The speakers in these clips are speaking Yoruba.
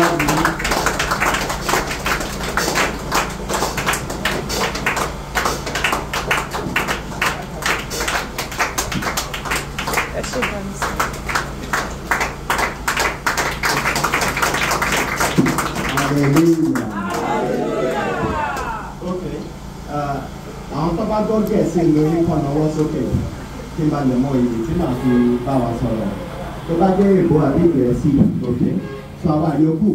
sì ń lo oníkan lọ́wọ́ sókè kí n bá lè mọ ìrètí màá fi bá wa sọ̀rọ̀ tó bá jẹ́ èbó àbí fún àwọn àyọkù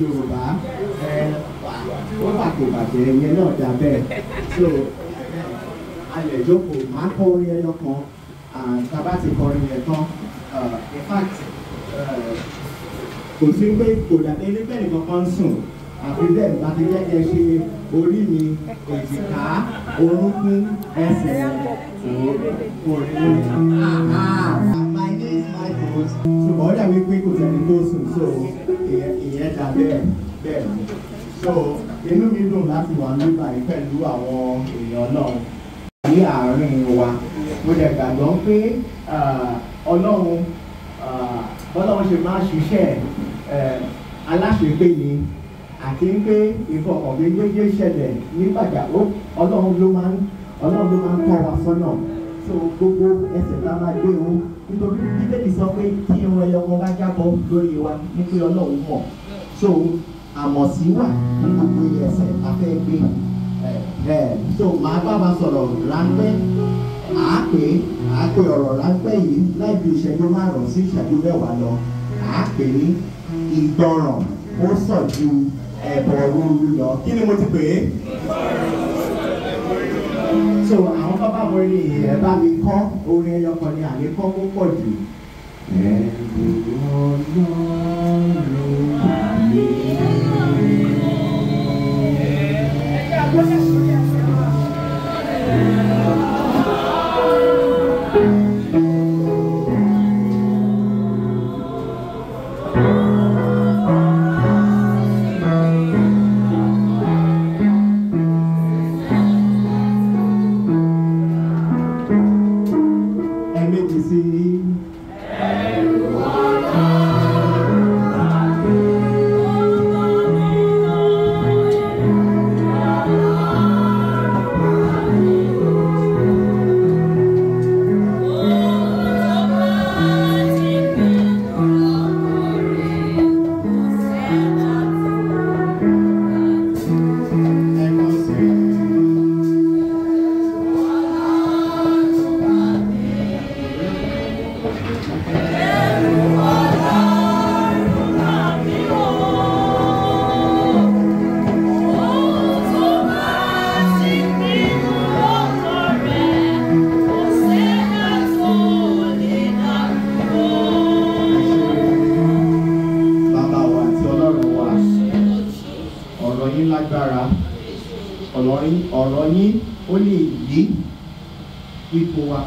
yorùbá wọ́n bà kò bàjẹ́ yẹn náà dá bẹ́ẹ̀ so alẹ́ ìjókòó máa kọ́ orin ẹyọ kan tàbá ti kọrin yẹn tán in fact kò sí pé kò dàbí ẹlẹ́gbẹ̀rún kankan sùn àfi bẹ́ẹ̀ bá ti jẹ́jẹ́ ṣe orí mi èjìká orúnkún ẹsẹ̀ òórùn ṣùgbọ́n ó dàbí pé kò sẹ́ni tó sùn so ìyẹn dà bẹ́ẹ̀ bẹ́ẹ̀ ni so inú mi dùn láti wà nígbà yìí pẹ̀lú àwọn èèyàn náà ní àárín wa mo dẹ̀ gbàgbọ́ pé ọlọ́run bọ́lọ́run ṣe máa ṣiṣẹ́ aláṣepé ni àti pé ìfọkànbí gbégbé ṣẹlẹ̀ ní pàjáwó ọlọ́run ló máa ń ọlọ́run ló máa ń tọ́ wa sọ́nà so gbogbo ẹsẹ̀ tá a máa gbé òun nítorí bíbélì sọ pé kí irun ẹyọkọ bá jábọ́ lórí wa ní pé ọlọ́run mọ̀ so àmọ̀sí wà ní gbogbo ẹsẹ̀ afẹ́ gbé so màá bá wa sọ̀rọ̀ ráńpẹ́ àápè àápè ọ̀rọ̀ ráńpẹ́ yìí láì ju ìṣẹ́jú márùn-ún sí ìṣẹ́jú mẹ́wàá lọ àápè ní ìgbọràn ó sàn ju ẹbọ rúru lọ kí ni mo ti pè é so tó bá wọ orin yìí ẹ bá mi kọ́ orin ẹyọ kan ni àmì kọ́ kó pọ̀ jù. ẹ̀rù ọlọ́run àmì ẹ̀rù.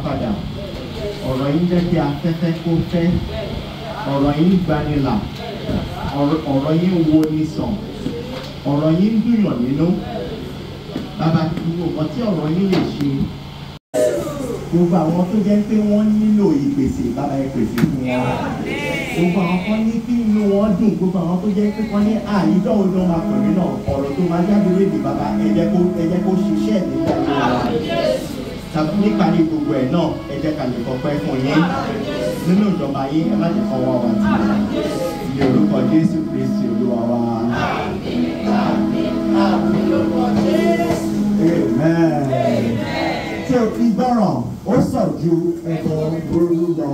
padà ọ̀rọ̀ yín jẹ́ kí afẹ́fẹ́ kó fẹ́ ọ̀rọ̀ yín gbanilà ọ̀rọ̀ yín wo ni sàn ọ̀rọ̀ yín dùnyàn nínú bàbá gbogbo nǹkan tí ọ̀rọ̀ yín lè ṣe gbogbo àwọn tó jẹ́ pé wọ́n nílò ìpèsè bàbá ẹ pèsè fún wọn gbogbo àwọn kan ní kí inú wọn dùn gbogbo àwọn tó jẹ́ pé kan ní àyídọ́ ọdún ọmọkùnrin náà ọ̀rọ̀ tó máa jáde lédè bàbá ẹ jẹ́ kó ṣiṣẹ́ tàbí níparí gbogbo ẹ̀ náà ẹ jẹ́ ká lè kọ́pẹ́ fún yín nínú ìjọba yín ẹ má jẹ́ fọwọ́ wa tì ní orúkọ Jésù Kristi Olúwa wa. tí o fi gbọ́ràn ó sàn ju ẹ̀kọ́ burú lọ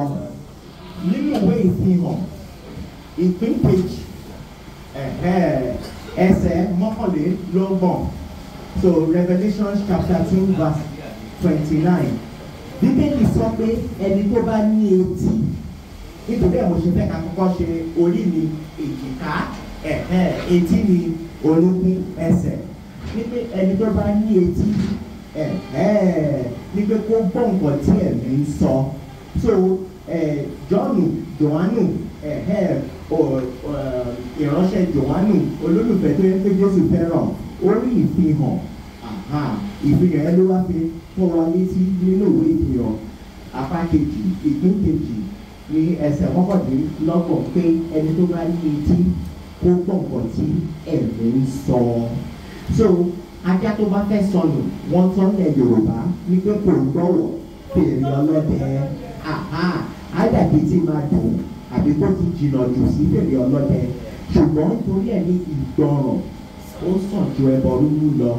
nínú ìwé ìfihàn ìpín kejì ẹsẹ̀ mọ́kànlélọ́gbọ̀n so Revelation chapter two verse twenty nine bíbélì sọ pé ẹni tó bá ní etí nítorí ẹ̀ mo ṣe fẹ́ ká kọ́kọ́ ṣe orí mi èjìká ẹ̀ẹ́ etí mi orúnkún ẹsẹ̀ wípé ẹni tó bá ní etí ẹ̀ẹ́ wípé kó gbọ́ nǹkan tí ẹ̀mí ń sọ so jọ́nù jòhánù ẹ̀ẹ́ ìránṣẹ́ jòhánù olólùfẹ́ tó yẹ pé jésù fẹ́ràn ó rí ìfihàn ìfihàn ẹ ló wá fi fún wa létí nínú ìwé ìfihàn apá kejì ìpín kejì ní ẹsẹ̀ mọ́kàndínlọ́gbọ̀n pé ẹni tó bá ní etí kó gbọ́ nǹkan tí ẹ̀mí ń sọ. so ajá tó bá fẹ́ sọnù wọ́n tán ní Yorùbá ní pé kò gbọ́wọ̀ bèrè ọlọ́dẹ àdàbí tí máa dùn àbí kó ti jìnnà jù sí bèrè ọlọ́dẹ ṣùgbọ́n nítorí ẹ̀ ní ìgbọràn ó sàn ju ẹbọ rúrú lọ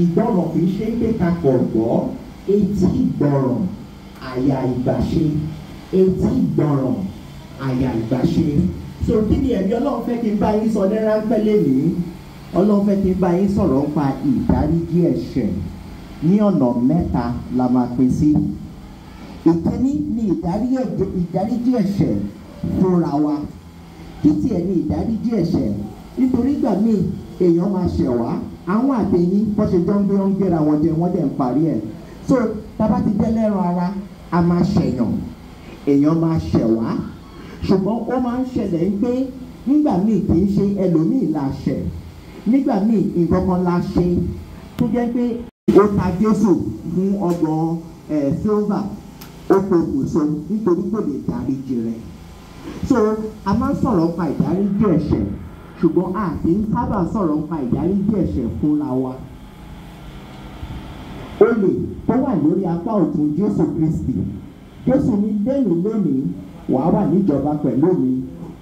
ìgbọràn kì í ṣe pé ká kọ̀ gbọ́ etí ìgbọràn àyà ìgbàṣe etí ìgbọràn àyà ìgbàṣe so kí ni ẹ̀mí ọlọ́run fẹ́ kí n bá yín sọ ní ráńpẹ́ lẹ́nìí ọlọ́run fẹ́ kí n bá yín sọ̀rọ̀ nípa ìdáríjì ẹ̀ṣẹ̀ ní ọ̀nà mẹ́ta la máa pín sí ìkíní ni ìdáríjì ẹ̀ṣẹ̀ fúnra wa kí tiẹ̀ ni ìdáríjì ẹ̀ṣẹ̀ nítorí gbà míì èèyàn máa ṣẹ̀ wá àwọn àtẹ̀yìn bó ṣe jọ ń gbé ń gbéra wọn jẹ wọ́n dẹ̀ ń parí ẹ̀ so tábà ti jẹ́ lẹ́ran ara a máa ṣẹ̀yàn èèyàn máa ṣẹ̀ wá ṣùgbọ́n ó máa ń ṣẹlẹ̀ ń pé nígbà míì kì í ṣe ẹlòmíì la ṣẹ̀ nígbà míì nǹkan kan la ṣe tó jẹ́ pé ó ta Jésù fún ọgbọ̀n ẹ̀ sílvà ó pe ìwòsàn nítorí kò lè dáríjì rẹ̀ so a máa ń sọ̀rọ̀ nípa ìdáríjì ẹ̀ṣẹ̀ ṣùgbọ́n a kì í sábà sọ̀rọ̀ nípa ìdáríjì ẹ̀ṣẹ̀ fúnra wa. olè tó wà lórí apá ọ̀tún Jésù Kristi Jésù ní lẹ́yìn lónìí wàá wà níjọba pẹ̀lú mi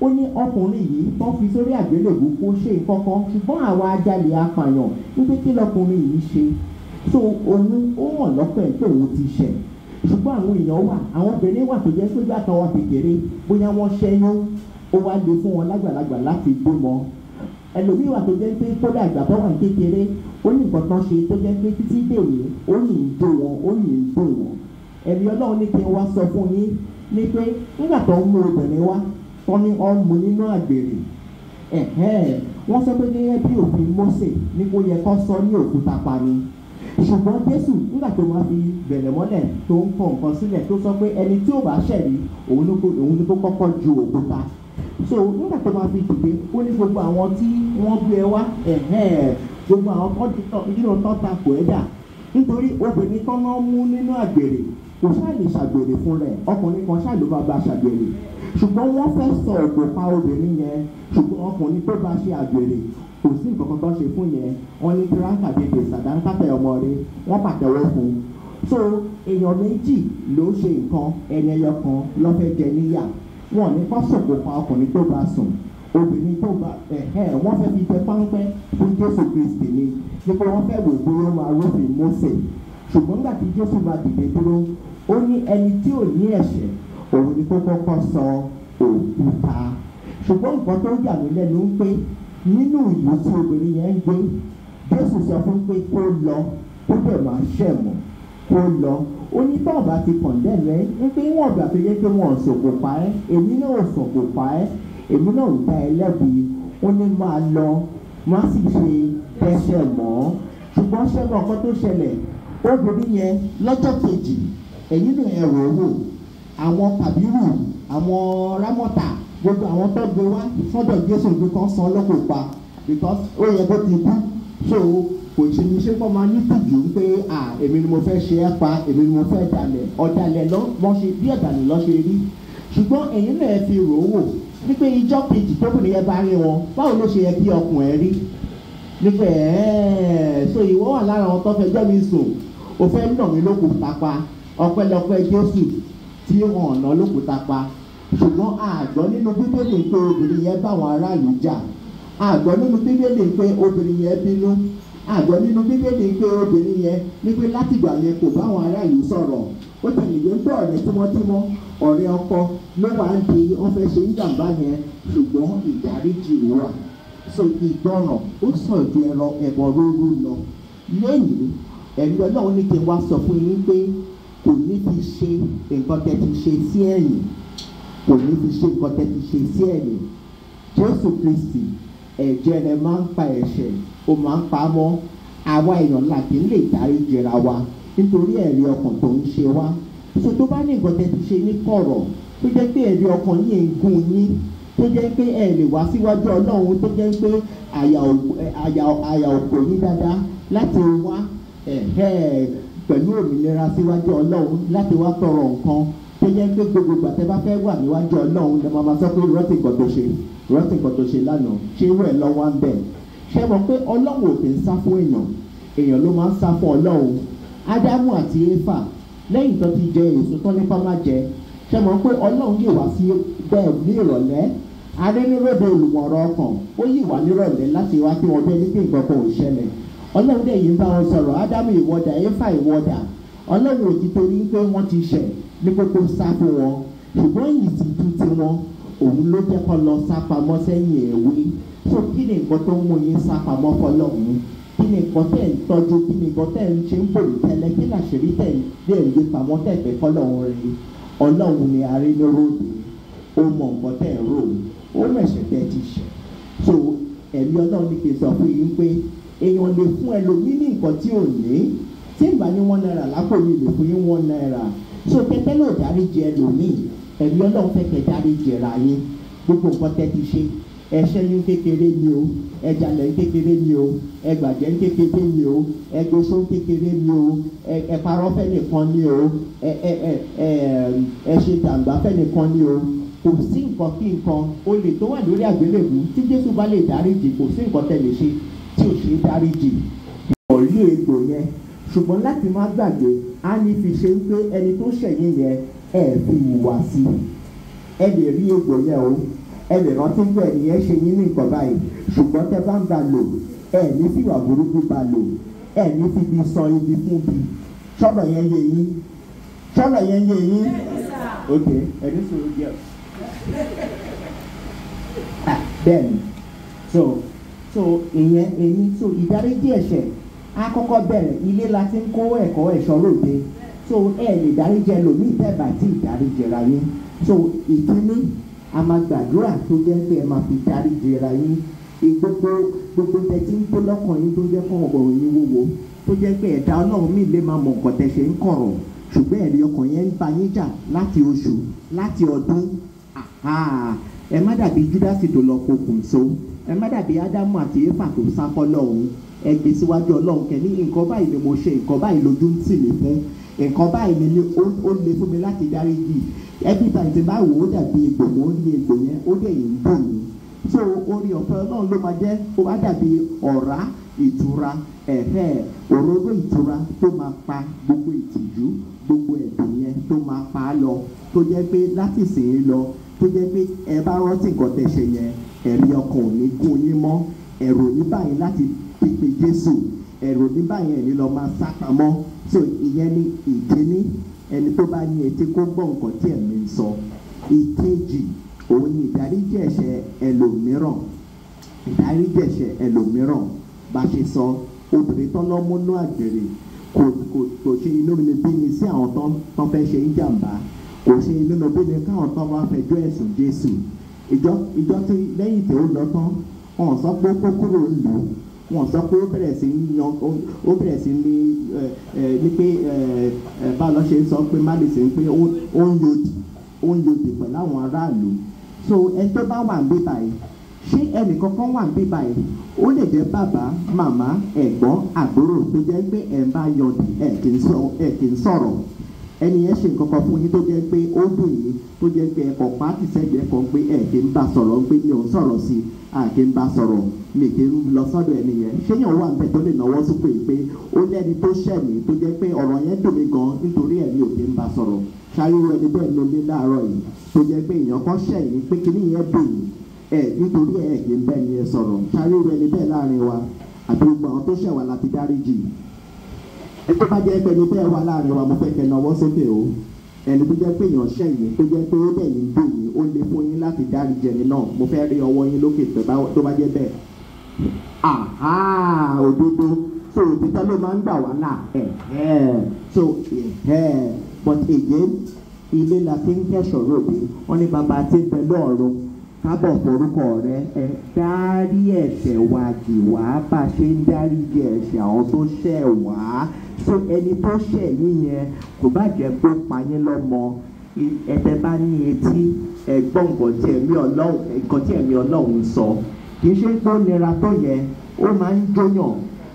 ó ní ọkùnrin yìí tó fi sórí àgbélébù kó ṣe ìkọ̀kọ̀ ṣùgbọ́n àwa ajalè apààyàn níbi kí lọkùnrin yìí ṣe so òun ó hàn lọ́pẹ̀ pé òun ti ṣẹ̀ ṣùgbọ́n àwọn èèyàn wà àwọn obìnrin wà tó jẹ́ sójú àtàwọn kékeré bóyá wọ́n ṣẹ́yún ó wá le fún wọn lágbàlagbà láti bímọ ẹlòmíì wà tó jẹ́ pé kódà ìgbà tó wà ní kékeré ó ní nǹkan kan ṣe tó jẹ́ pé títí dèwé ó yìn ń dò wọn ó yìn ń dò wọn ẹ̀mí ọlọ́run ní kí n wá sọ fún yín ní pé nígbà tó ń mú obìnrin wá tó ní ọ́ mú nínú àgbèrè wọ́n sọ pé gẹ́gẹ́ bí òfin Mósè ní kó yẹ kó sọ ní òkúta pa ni ṣùgbọ́n Jésù nígbà tó máa fi bẹ̀rẹ̀ mọ́lẹ̀ tó ń kọ nǹkan sílẹ̀ tó sọ pé ẹni tí ò bá ṣẹ̀rí òun ló kọ́kọ́ ju òkúta so nígbà tó máa fi dìde ó ní gbogbo àwọn tí wọ́n gbé ẹ wá gbogbo àwọn kọ́ńtítọ̀ nínú tọ́ta kò ẹ́ dà nítorí obìnrin tán náà mú nínú àgbèrè kò ṣáà ṣàgbèrè fún rẹ̀ ọkùnrin kan ṣáà bá ba ṣàgbèrè ṣùgbọ́n wọ́n fẹ́ sọ ọ̀pọ̀ pa obìnrin yẹn ṣùgbọ́n ọkùnrin tó bá ṣe àgbèrè kò sí nǹkan kan tó ṣe fún yẹn wọ́n ní tíráǹkà bèbè sàdánkàtẹ̀ ọmọ rẹ̀ wọ́n pàtẹ́wọ́ fún un so èèyàn méjì ló ṣe nǹkan ẹni ẹyọ kan ló jẹ níyà wọn ní pásòkò pa ọkùnrin tó bá sùn obìnrin tó bá ẹ̀hẹ́ wọ́n fẹ́ fi tẹ páńpẹ́ fún jésù kristi ni nípa wọ́n fẹ́ wò bóyá máa rúfin mósè ṣùgbọ́n nígbà tí jésù máa dìde dúró ó ní ẹni tí ò ní ẹ̀ṣẹ̀ òun ni kó kọ́kọ́ sọ òkúta ṣùgbọ́n nǹkan tó yà mí lẹ́nu ń pé nínú ìlú tí obìnrin yẹn ń gbé jésù sọ fún pé kó lọ kó dẹ̀ máa ṣẹ̀ mọ́ kó lọ ó ní bọ́ọ̀ bá ti kàn dẹ̀ rẹ ń pé wọ́n ọ̀gbà tó yẹ pé wọ́n sòkò pa ẹ́ èmi náà ò sòkò pa ẹ́ èmi náà ò gba ẹ lẹ́bi ó ní máa lọ wọ́n á sì ṣe tẹ́sẹ̀ mọ́ ṣùgbọ́n ṣẹ́gun ọkọ tó ṣẹlẹ̀ obìnrin yẹn lọ́jọ́ kejì ẹ̀yìn náà ẹ̀ rò wò àwọn kàbírù àwọn rámọ́tà gbogbo àwọn tó gbé wá sọ́dọ̀ Jésù nìkan san lọ́kọ̀ pa because ó yẹ kó ti kú so kò ṣe ní ṣé wọ́n máa ní dùdú pé à èmi ni mo fẹ́ ṣe é pa èmi ni mo fẹ́ dalẹ̀ ọ̀dàlẹ̀ lọ́ ṣe bí ọ̀dàlẹ̀ lọ́ ṣe rí ṣùgbọ́n ẹ̀yin náà fi rò ó wò wípé ijọ́ kejì tó kù nìyẹn bá rí wọn báwo ló ṣe yẹ kí ọkùnrin rí nípa ẹ̀ẹ́ so ìwọ wà lára àwọn tó fẹjọ́ mi sùn ò fẹ́ nà mí lókùúta pa ọpẹ́lọpẹ́ Jésù tí wọn nà lókùúta pa ṣùgbọ́n àgbọ̀ nínú bíbélì pé obìnrin yẹn báwọn aráàlú jà àgbọ̀ nínú bíbélì pé obìnrin yẹn bínú àgbọ̀ nínú bíbélì pé obìnrin yẹn ní pé látìgbà yẹn kò bá àwọn ará ìlú sọ̀rọ̀ ó ti nìyẹn gbọ́ ọ̀rẹ́ tímọ́tímọ́ ọ̀rẹ́ ọkọ ló wà ń di wọ́n fẹ́ ṣe ìjàmbá yẹn ṣùgbọ́n ìdáríjì wà so ìgbọràn ó sàn ju ẹ̀rọ ẹ̀bọ rúurú lọ lẹ́yìn ẹ̀rí ọlọ́run ní kí n wá sọ fún yín pé kò ní fi ṣe nǹkan tẹ́ ti ṣe sí ẹ̀yìn kò ní fi ṣe nǹkan tẹ́ ti ṣe sí ẹ̀yìn Jésù Kristi ẹ̀jẹ̀ rẹ̀ máa ń pa ẹ̀ṣẹ̀ ó máa ń pamọ́ àwa èèyàn là kì í lè dáríjì ra wa nítorí ẹ̀rí ọkàn tó ń ṣe wá so tó bá ní nǹkan tẹ́ ti ṣe ní kọ̀rọ̀ tó jẹ́ pé ẹ̀rí ọkàn yìí ń gún yín tó jẹ́ pé ẹ lè wá síwájú ọlọ́run tó jẹ́ pé àyà òkò yín dáadáa láti wá pẹ̀lú òmìnira síwájú ọlọ́run láti wá tọrọ nǹkan tó jẹ́ pé gbogbo ìgbà tẹ́ bá fẹ́ wà níwájú ọlọ́run lè máa sọ pé rọ́tì nǹkan tó ṣe rọ́tì nǹkan tó ṣe lánàá ṣé irú lọ́wọ́ ń bẹ̀ ṣe mọ̀ pé ọlọ́run ò kì í sá fún èèyàn èèyàn ló máa ń sá fún ọlọ́run ádámù àti éfà lẹ́yìn tó ti jẹ èso tán nípa má jẹ ṣe mọ̀ pé ọlọ́run yìí wá sí bẹ́ẹ̀ ní ìrọ̀lẹ́ arẹ́nirẹ́bẹ̀ olùmọ̀ràn ọkàn ó yìí wá nírọ̀lẹ́ láti wá kí wọ́n bẹ́ẹ̀ ní pé nǹkan kan ò ṣẹlẹ̀ ọlọ́run dẹ̀ yìí ń bá wọn sọ̀rọ̀ ádámù ìwọ́dà éfà ìwọ́dà ọlọ́run ò ti torí pé wọ́n ti ṣẹ̀ ní kókó sá fún wọn ṣùgbọ́n ìtìjú tiwọn òun ló jẹ́ kó lọ sá pamọ́ sẹ́yìn ẹ̀wé so kí ni nǹkan tó ń mú yín sá pamọ́ fọlọ́run ni kí ni nǹkan tẹ̀ ń tọ́jú kí ni nǹkan tẹ̀ ń ṣe ń bòrò tẹ́lẹ̀ kí làṣírí tẹ̀ dé ìwé pamọ́ tẹ̀fẹ́ fọlọ́run rẹ ọlọ́run ni a rí lóróòdì ó mọ nǹkan tẹ̀ ń rò ó mẹ̀ṣẹ̀ tẹ́ ti ṣẹ̀ so ẹ̀mí ọlọ́run ní kí n sọ fún yín pé èèyàn lè fún ẹlòmíì ní nǹkan tí ò ní tí ìgbà ní one naira lápò mi lè fún yín one naira so kẹtẹ náà dáríjì ẹlòmíì ẹ̀mí ọlọ́run fẹ́ kẹ́ dáríjì ra yín gbogbo nǹkan tẹ́ ti ṣe ẹṣẹ́yún kékeré ni o ẹjalẹ̀ kékeré ni o ẹgbàjẹ́ kékeré ni o ẹgbẹ́sọ kékeré ni o ẹparọ́ fẹ́nìkan ni o ẹṣẹ tàǹgbà fẹ́nìkan ni o kò sí nǹkan kí nǹkan olè tó wà lórí àgbélébù tí Jésù bá lè dáríjì kò sí nǹkan tẹ́ lè ṣe tí ò ṣe dáríjì pẹ̀lú ètò yẹn ṣùgbọ́n láti má gbàgbé a ní fi ṣe pé ẹni tó ṣẹ̀yìn yẹn ẹ̀ fi wùwà sí ẹ lè rí ègbò yẹn o ẹ lè rántí pé ẹnìyẹn ṣe yín ní nǹkan báyìí ṣùgbọ́n tẹ bá ń ba lò ẹ ní fìwà burúkú ba lò ẹ ní fìbí sọ ibi fún bi ṣọ́nà yẹn yé yín ṣọ́nà yẹn yé yín ok ẹni sọ̀rọ̀ díẹ̀ ah, bẹ́ẹ̀ni so so ìyẹn èyí so ìdáríjì ẹ̀ṣẹ̀ á kọ́kọ́ bẹ̀rẹ̀ ilé la ti ń kó ẹ̀kọ́ ẹ̀ṣọ́ lóde so ẹ lè dáríjẹ lòmíì bẹ́ẹ̀ bá ti ìdáríjẹ ra yín so ìkíní a máa gbàdúrà tó jẹ́ pé ẹ máa fi dárí jìra yín gbogbo gbogbo tẹ̀sí ń kó lọ́kàn yín tó jẹ́ kàn ọ̀rọ̀ yín wúwo tó jẹ́ pé ẹ̀dá ọlọ́run mi lè máa mọ̀ nǹkan tẹ̀sẹ̀ ń kọ̀rọ̀ ṣùgbọ́n ẹ̀rí ọkàn yẹn ń ba yín jà láti oṣù láti ọdún ẹ má dàbí júdásì tó lọ pokùn so ẹ má dàbí ádámù àti éfà tó sá fọ́lọ́run ẹ gbé síwájú ọlọ́run kẹ́ ní nǹkan báyìí ni mo ṣe nǹkan báyìí lójú ń tì mí fún nǹkan báyìí lè ní ó lè fún mi láti dárí di ẹbí tàbí tí bá wò ó dàbí egbò mọ́ ó ní egbò yẹn ó dẹ̀ yìí ń bò mí so orin ọ̀fẹ́ náà ló máa jẹ́ ó wá dàbí ọ̀rá ìtura ẹ̀fẹ́ òróró ìtura tó máa pa gbogbo ìtìjú gbogbo ẹ̀dùn yẹn tó máa pa á lọ tó jẹ́ pé láti sìn ín lọ tó jẹ́ pé ẹ bá rántí nǹkan tẹ̀ yẹn ẹ̀rí ọkàn ò ní gún yín mọ́ ẹ̀rù ní báyìí láti pípe Jésù ẹ̀rù ní báyìí ẹ̀ ní lọ máa sá pamọ́ so ìyẹn ni ìkíní ẹni tó bá ní etí kó gbọ́ nǹkan tí ẹ̀mí ń sọ ìkejì òun ni ìdáríjì ẹ̀ṣẹ̀ ẹlòmíràn ìdáríjì ẹ̀ṣẹ̀ ẹlòmíràn bá ṣe sọ obìnrin tọ́lọ́múnú àgbèrè kò kò kò ṣe inú mi bí mi sí àwọn tán fẹ́ ṣe ń jàǹbá kò ṣe inú mi bí mi káwọn tán wá fẹjọ́ ẹ̀sùn Jésù ìjọ ìjọ tí lẹ́yìn tí ó lọ tán ọ̀n sọ pé kókóró ń lò ó wọn sọ pé ó bẹ̀rẹ̀ sí yan ó bẹ̀rẹ̀ sí ní ní pé báwọn ṣe ń sọ pé má lè sè pé ó ń yòdì ó ń yòdì pẹ̀lú àwọn aráàlú so ẹ tó bá wà ń bí báyìí ṣé ẹnìkankan wà ń bí báyìí ó lè jẹ́ bàbá màmá ẹ̀gbọ́n àbúrò tó jẹ́ pé ẹ̀ ń bá yọ̀dì ẹ̀ kì í sọ̀rọ̀ ẹni yẹn ṣe nǹkan kan fún yín tó jẹ́ pé ó dùn yín tó jẹ́ pé ẹ̀kọ́ pàtì sẹ́gbẹ̀ẹ́ kan pé ẹ̀ kì ń bá sọ̀rọ̀ pé mi ò ń sọ̀rọ̀ sí i à kì ń bá sọ̀rọ̀ mi kì ń lọ sọ́dọ̀ ẹni yẹn ṣéyàn wà níbẹ̀ tó lè náwó sókè pé ó lẹ́ni tó ṣẹ̀ mí tó jẹ́ pé ọ̀rọ̀ yẹn dùn mí gan nítorí ẹ̀ mi ò kì ń bá sọ̀rọ̀ ṣáyéwò ẹni bẹ́ẹ̀ ló lé láàárọ̀ yìí tó jẹ́ pé èèyàn kan ṣẹ̀ yín pé kinní yẹn dùn yín ẹ̀ nítorí ẹ̀ kì ń bẹ́ẹ̀ ni ẹ sọ̀rọ̀ ṣáyéwò ẹni bẹ́ẹ̀ láàrin wa àti gbogbo àwọn tó ṣẹ̀ wá láti dáríjì tó bá jẹ́ pé ẹni tẹ́ ẹ wà láàrin wa mo fẹ́ kẹ́ náwó sókè o ẹni tó jẹ́ pé èèyàn ṣẹ̀ yín tó jẹ́ pé ó bẹ̀ yín dùn yín ó lè fún yín láti dárí jẹni náà mo fẹ́ rí ọwọ́ yín lókè tó bá jẹ́ bẹ́ẹ̀ àhá òdodo so òtítọ́ ló máa ń gbà wá náà so but again ilé la fi ń kẹ́sọ̀ ròbí wọ́n ní bàbá tí ń lọ́ọ̀rùn kábọ̀ forúkọ rẹ ẹ dárí ẹ̀ṣẹ̀ wa jì wá bá a ṣe ń dáríjì ẹ̀ṣẹ̀ àwọn tó ṣẹ̀ wá ṣé ẹni tó ṣẹ̀ yín yẹn kò bá jẹ́ pé ó pa yín lọ́mọ ẹ̀tẹ̀ bá ní etí ẹ̀gbọ́n nǹkan tí ẹ̀mí Ọlọ́run ń sọ kì í ṣe pé ó nira tó yẹn ó máa ń jóyàn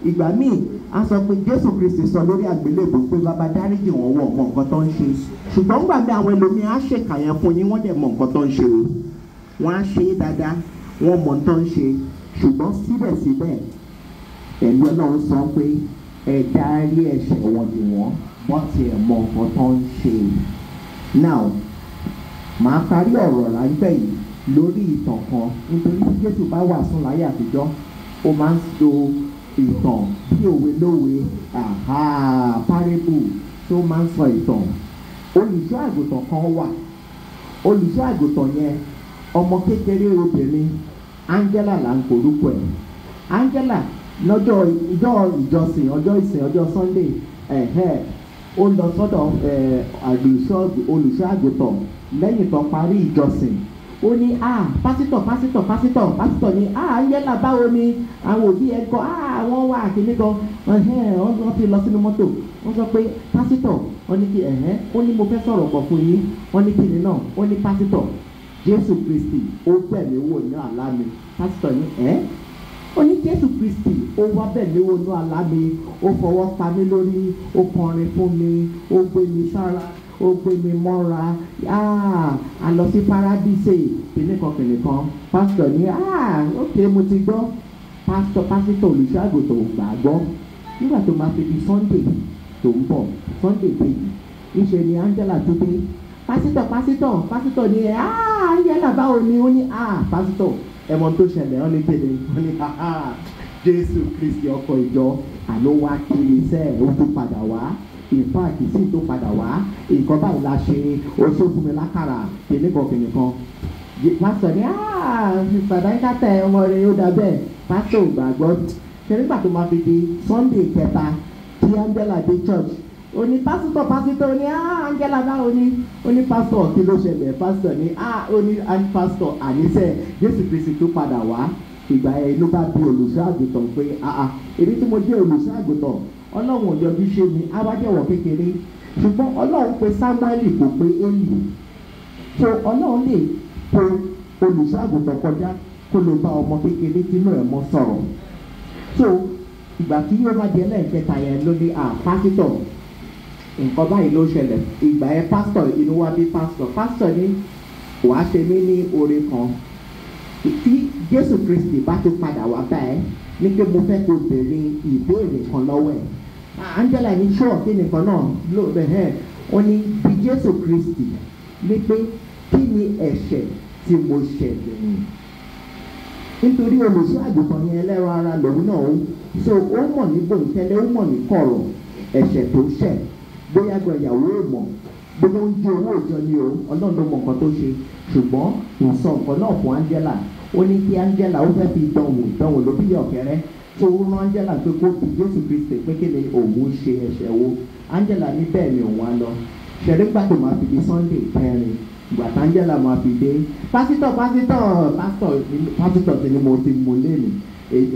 ìgbà míì a sọ pé Jésù Kristi sọ lórí àgbélébùú pé bàbá dáríjì wọn wọ ọmọ nǹkan tó ń ṣe ṣùgbọ́n gbàgbé àwọn ẹlòmíín á ṣèkà yẹn fún yín wọ́n dẹ̀ mọ nǹkan tó ń ṣe o wọ́n á ṣe é dáadáa wọ́n mọ̀ tán ṣe ṣùgbọ́n síbẹ̀síbẹ̀ ẹ̀mí ọlọ́run sọ pé ẹ dárí ẹ̀ṣẹ̀ wọn ni wọ́n wọ́n ti ẹ̀ mọ nǹkan tán ń ṣe. now màá parí ọ̀rọ̀ láńpẹ́ yìí lórí ìtàn kan nítorí tí Jésù bá wà sún láyé àtijọ́ ó máa ń so ìtàn bí òwe lówe parable tó máa ń sọ ìtàn olùṣọ́ àgùntàn kan wà olùṣọ́ àgùntàn yẹn ọmọ kékeré obìnrin Angela là ń korúkọ ẹ̀ Angela lọ́jọ́ ìjọ ìjọsìn ọjọ́ ìsìn ọjọ́ Sunday ẹ̀hẹ́ ó lọ sọ́dọ̀ olùṣọ́ àgùntàn lẹ́yìn tó parí ìjọsìn ó ní a pásítọ̀ pásítọ̀ pásítọ̀ pásítọ̀ ní a Angela báwo ni àwọn òbí ẹ kọ́ a wọ́n wá àkíní gan wọ́n ti lọ sínú mọ́tò wọ́n sọ pé pásítọ̀ wọ́n ní kí ẹ̀hẹ́ ó ní mo fẹ́ sọ̀rọ̀ pọ̀ fún yín wọ́n ní kí ni náà ó ní pásítọ̀ jésù kristi ó bẹ̀ mí wò ní àlá mi pásítọ̀ ní ẹ́ ó ní jésù kristi ó wá bẹ̀ mí wò ní àlá mi ó fọwọ́ pa mí lórí ó kọrin fún mi ó gbé mi sára ó gbé mi mọ́ra ah, a lọ sí paradíṣe kìnìkan kìnìkan pásítọ̀ ní ókè ah, mo ti gbọ́ pásítọ̀ pásítọ̀ olùṣọ́àgùtò gbàgbọ́ nígbà tó máa fi di sunday tó ń bọ̀ sunday kejì ńṣe ni angela tó dé pásítọ̀ pásítọ̀ pásítọ̀ ni ẹ̀ áá yálà báwo ni ó ní áá ah, pásítọ̀ ẹ̀mọ́ tó ṣẹlẹ̀ ọ́ ní tèlé ó ní áá jésù kristi ọkọ ìjọ àló wá kí ni sẹ́ ó tún padà wá ìfọ́ àkìsí tó padà wá nǹkan báyìí la ṣe ó tó fún mi lákàrà kìnnìkan kìnnìkan pásítọ̀ ni áá fàdáńkà tẹ ọmọ rẹ ó dà bẹ́ẹ̀ pásítọ̀ gbàgbọ́ ṣe tó máa fi di sunday kẹta tí angela dé church Oni pásítọ̀ pásítọ̀ oní ah, Angela náà oni oni pásítọ̀ kí ló ṣẹlẹ̀ pásítọ̀ ah oni ah, pásítọ̀ àníṣe Jésù Kristi tó padà wá ìgbà yẹn inú bá bí olùṣọ́ àgùntàn pé ah, èmi tí mo jẹ́ olùṣọ́ àgùntàn ọlọ́run ò yọjú ṣe mi á wá jẹ̀wọ́ kékeré ṣùgbọ́n ọlọ́run pe Sámúẹ́lì kò pe Élì so ọlọ́run lè po olùṣọ́ àgùntàn kọjá kó ló bá ọmọ kékeré tínú ẹ̀ mọ́ sọ̀rọ̀ so ìgbà tí yóò má di ẹlẹ́ẹ̀kẹta yẹn ló ní à pásítọ̀ nǹkan báyìí ló ṣẹlẹ̀ ìgbà yẹn pásítọ̀ inú wa bí pásítọ̀ pásítọ̀ ní wàá ṣe mí ní oore kan tí Jésù Kristi bá tó padà wá bá ẹ ní pé mo fẹ́ kó bèrè ìbéèrè kan lọ́wọ́ ẹ̀ Angela ní ṣọ́ọ̀ kí nìkan náà ló bẹ̀ ẹ́ ó ní bí Jésù Kristi ní pé kí ni ẹ̀ṣẹ̀ tí mo ṣẹ̀ lẹ́yìn nítorí olùṣọ́ àgùntàn yẹn ẹlẹ́ran ara lòun náà ó so ó mọ̀ ní bòńkẹ́lẹ́ ó mọ̀ ní kọ̀rọ̀ ẹ̀ṣẹ̀ tó ṣẹ̀ bóyá gan ìyàwó ò mọ̀ bóyá ó ń jẹ owó òjọ ni o ọlọ́run ló mọ nǹkan tó ṣe ṣùgbọ́n ìsọ nǹkan náà fún Angela ó ní kí Angela ó fẹ́ fi dánwò dánwò ló bí ọ̀kẹ́rẹ́ tó rán Angela pé kó fi Jésù Kristi pé kí ni òun ṣe ẹ̀ṣẹ̀ wo Angela ní bẹ́ẹ̀ ni òun á lọ ṣẹ̀rí gbàdùn máa fi di Sunday kẹrin ìgbà tá Angela máa fi dé pásítọ̀ pásítọ̀ pásítọ̀ ti ni mo ti mú lé mi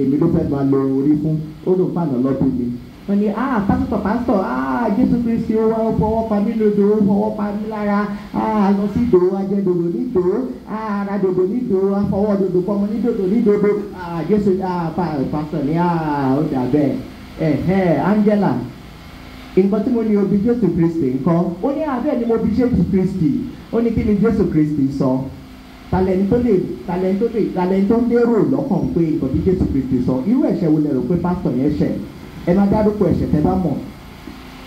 èmi ló fẹ́ máa lo orí fún ó lóun fàánà lọ́dún wọ́n ní ah pásítọ̀ pásítọ̀ ah jésù kristi ó wá ó fọwọ́ pa mí lódò ó fọwọ́ pa mí lára ah lọ sí ìdò ajẹ dòdò nídò ah ara dòdò nídò afọwọ́ dòdò pọmọ nídòdò nídòdò ah jésù ah pásítọ̀ ní ah ó dà bẹ́ẹ̀ ẹ̀hẹ́ angela nǹkan tí mo ní obi jésù kristi nǹkan ó ní abẹ́ ah, ni mo bi jésù kristi ó ní kí ni jésù kristi sọ talẹni tó lè talẹni tó lè talẹni tó lérò lọ́kàn pé nǹkan tí jésù kristi sọ irú ẹ̀ṣẹ̀ wo lẹ rò pé pásítọ̀ yẹn ṣẹ̀ ẹ máa dárúkọ ẹ̀ṣẹ̀ tẹ́ bá mọ̀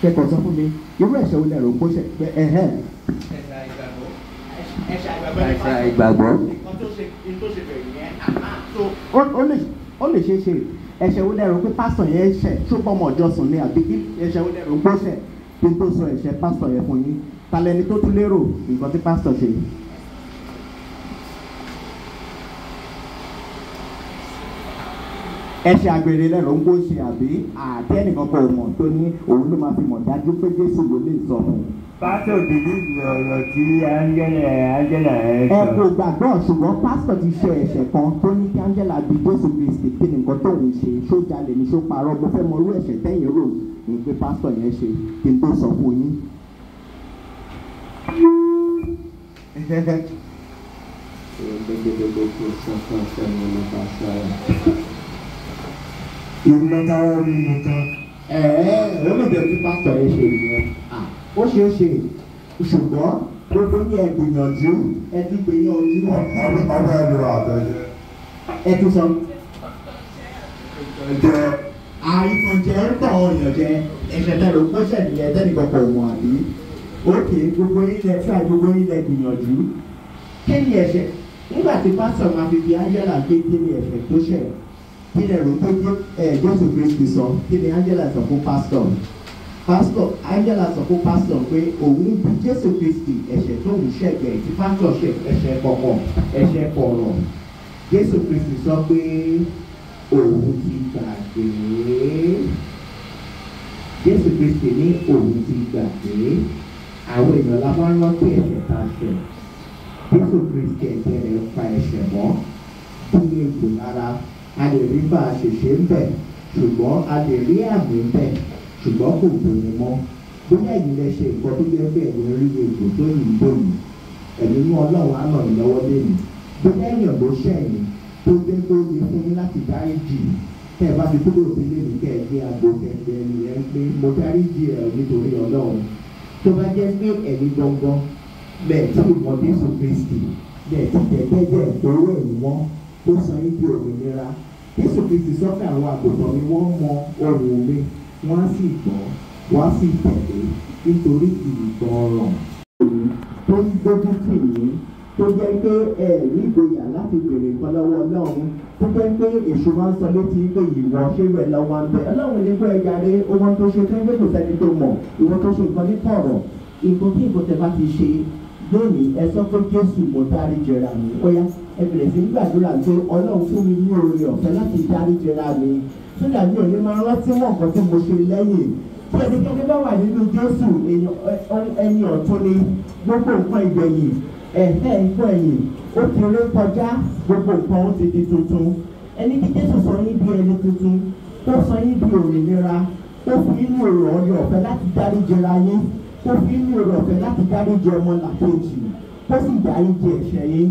kẹ́kọ̀ọ́ sọ fún mi irú ẹ̀ṣẹ̀ wo lẹ̀rọ kó ṣe pé ẹ̀hẹ́. ẹ̀ṣẹ̀ ìgbàgbọ́ ó lè ṣeé ṣe ẹ̀ṣẹ̀ wo lẹ̀rọ pé pásítọ̀ yẹn ṣẹ̀ tó bọ́mọ̀ ọjọ́sùn ni àbí ẹ̀ṣẹ̀ wo lẹ̀rọ kó ṣẹ̀ kí n tó sọ ẹ̀ṣẹ̀ pásítọ̀ yẹn fún yín talẹ́ni tó tún lérò nǹkan tí pásítọ̀ ṣe yìí. ẹsẹ agbèrè lẹrọ ń gbó ṣe àbí àti ẹnìkan kò mọ̀ tó ní òun ló máa fi mọ̀ dájú pé jésù ló lè sọ fún un. pásítọ̀ bìlíìfù ọ̀rọ̀ tí angela angela ẹ sọ. ẹ kò gbàgbọ́ ṣùgbọ́n pásítọ̀ ti ṣe ẹ̀ṣẹ̀ kan tó ní kí angela bí jésù kristi kí nìkan tó ń ṣe ṣó jalè ní ṣó parọ́ mo fẹ́ mọ irú ẹ̀ṣẹ̀ tẹ́yìn rò ní pé pásítọ̀ yẹn ṣe kí n tó sọ fún yín. Gbogbo gbogbo kò sọ fún ọ̀sẹ̀ mi ló bá ṣáà ìrìnà táwọn rí nìkan. ẹ ẹ olóògbé tí pásítọ̀ yẹn ṣe nìyẹn ó ṣeé ṣe ṣùgbọ́n gbogbo ní ẹ gbìyànjú ẹ ti gbìyànjú. ọbẹ̀ ẹ lọ àtẹ̀jẹ́. ẹ tún sọ. ìtànjẹ. àìtànjẹ ń tàn ọyàn jẹ ẹsẹ̀ náà ló gbọ́sẹ̀ nìyẹn tẹ́lẹ̀ kọ̀ọ̀kan wọn àbí. òkè gbogbo ilẹ̀ fún àgbogbo ilẹ̀ gbìyànjú. kí ni ẹ̀ṣẹ̀ nígbà tí pásítọ̀ máa fi di ayélujára gbé kí ni ẹ̀ṣẹ̀ tó ṣẹ̀ kí lè rò pé jésù kristi sọ kí ni angela sọ fún pásítọ̀ pásítọ̀ angela sọ fún pásítọ̀ pé òun bí jésù kristi ẹ̀ṣẹ̀ tó ń ṣẹ̀gbẹ̀ tí pásítọ̀ ṣe ẹ̀ṣẹ̀ kọ̀kọ̀ ẹ̀ṣẹ̀ kọ̀rọ̀ jésù kristi sọ pé òun ti gbàgbé jésù kristi ní òun ti gbàgbé àwọn èèyàn la máa ń rántí ẹ̀ṣẹ̀ ṣe jésù kristi ẹ̀jẹ̀ rẹ̀ fa ẹ̀ṣẹ̀ mọ́ bí egbò lára a lè rí bá a ṣèṣe ń bẹ̀ ṣùgbọ́n a lè rí àmì ń bẹ̀ ṣùgbọ́n kò bòyí mọ́ bóyá ẹ̀yin lè ṣe nǹkan tó jẹ́ bẹ́ẹ̀ ní orí egbò tó yìí ń bòyí ẹ̀mí mú ọlọ́run á ràn lọ́wọ́ lẹ́yìn bóyá èèyàn ló ṣẹ̀yìn tó dé tó yẹ fún yín láti dáríjì tẹ́ ẹ bá fi kúrò sílé mi kẹ́ gbé aago kẹ̀kẹ́ ẹ̀ ń pé mo dáríjì ẹ̀ nítorí ọlọ́run tó bá jẹ́ pé ẹ̀mí gbọ̀ngàn bẹ́ẹ̀ tí mo mọ̀ Jésù Kristi bẹ́ẹ̀ ti tẹ̀ tẹ́jẹ̀ ìtòwé ìwọ́n tó sọ yín di òmìnira Jésù Kristi sọ pé àwọn àgùntàn mi wọ́n mọ ohùn mi wọ́n á sì gbọ́ wọ́n á sì tẹ̀lé nítorí ìgbọràn tó ń gbójú tì yín tó jẹ́ pé ẹ nígboyà láti béèrè nǹkan lọ́wọ́ ọlọ́run tó jẹ́ pé èṣù máa ń sọ létí pé ìwọ ṣé rẹ̀ lọ́wọ́ ń bẹ ọlọ́run nígbà ẹ̀yà rẹ ohun tó ṣe tó ń gbé sẹ́ni tó mọ̀ ìwọ tó ṣe nǹkan ní tọ̀rọ̀ nǹkan tí nǹkan tẹ̀ bá ti ṣe lónìí ẹ sọ pé jésù mo dárí jẹra mi ó yá ẹ sí gbàdúrà pé ọlọ́run fún mi ní oore ọ̀fẹ́ láti dárí jẹra mi sódà mi ò máa rántí mọ̀ nǹkan tí mo ṣe lẹ́yìn tí ẹnikẹ́ni bá wà nínú Jésù ẹni ọ̀tún ni gbogbo nǹkan ìgbẹ̀yìn ẹ̀fẹ́ ìgbọ́ ẹ̀yìn ó ti ré kọjá gbogbo nǹkan ó ti di tuntun ẹni tí Jésù sọ yín di ẹni tuntun ó sọ yín di òmìnira ó fi inú èrò ọ̀yọ̀ ọ̀fẹ́ láti dárí jẹra yín ó fi inú èrò ọ̀fẹ́ láti dárí jẹ ọmọ làkejì ó sì dárí jẹ ẹ̀ṣẹ̀ yín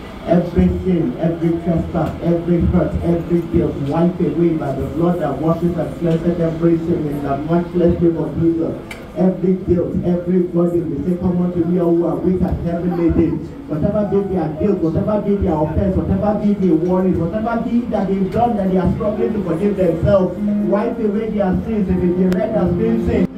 Every sin, every trespass, every hurt, every guilt wiped away by the blood that washes and cleanses every sin in the matchless name of Jesus every guilt, every burden. They say, Come unto me, all who are weak and heaven laden. Whatever be their guilt, whatever be their offense, whatever be their worries, whatever be that they've done that they are struggling to forgive themselves, wipe away their sins if they direct as being sin.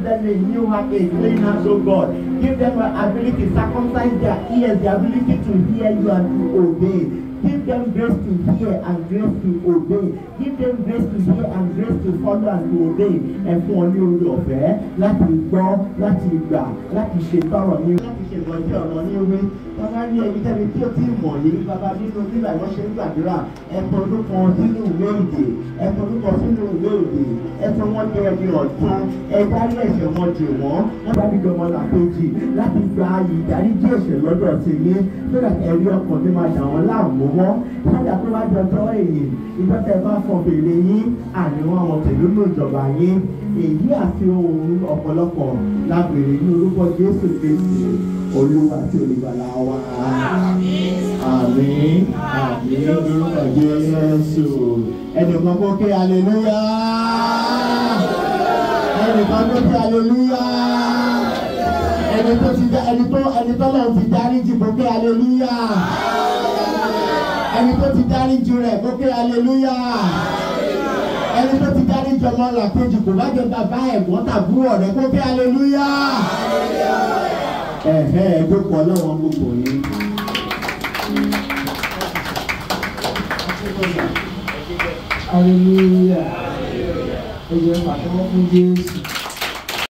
give them a new heart, a clean heart, oh God. Give them an ability, circumcise their ears, the ability to hear you and to obey. Give them grace to hear and grace to obey. Give them grace to hear and grace to follow and to obey. Ẹ fún ọ ní orí ọ̀fẹ́ láti gbọ́, láti gbà, láti ṣètọ́rọ̀ ní láti ṣègbọ́n sí ọ̀rọ̀ ní orí bàbá ní ẹbí tẹ́bi tí ó ti mọ̀ yìí bàbá nínú nígbà wọ́n ṣe ń gbàdúrà ẹ̀fọ́ kan sínú ìwé òde ẹ̀fọ́ kan sínú ìwé òde ẹ̀fọ́ wọn jẹ ẹni ọ̀tún ẹ̀dá ní ẹ̀ṣẹ̀ wọn jẹ wọ́n wọ́n bá dídọ̀ ọmọ làkejì láti gba ìdáríjì ẹ̀ṣẹ̀ lọ́dọ̀ sí ní sódà ẹ̀rí ọkàn mi máa dà wọ́n láàmú mọ́ sódà tó bá jọjọ́ èyí ìjọba ẹ̀ bá fọ wa. Àmín àmín lórúkọ Jésù. Ẹnìkan kó kí aleluya. Ẹnìkan kó kí aleluya. Ẹni ti dá ẹni tó ẹni ti dárí jì kó kí aleluya. Ẹni ti dárí jù rẹ̀ kó kí aleluya ẹni tó ti dárí jọmọ làkejì kò bá jẹ bàbá ẹ̀gbọ́n tàbúrò rẹ̀ kó kí aleluya. aleluya ẹ̀hẹ́ ẹ̀dọ́pọ̀ ọlọ́run gbogbo yìí. Hallelujah. Ẹ jẹ́ pàtẹ́wọ́ fún Jésù.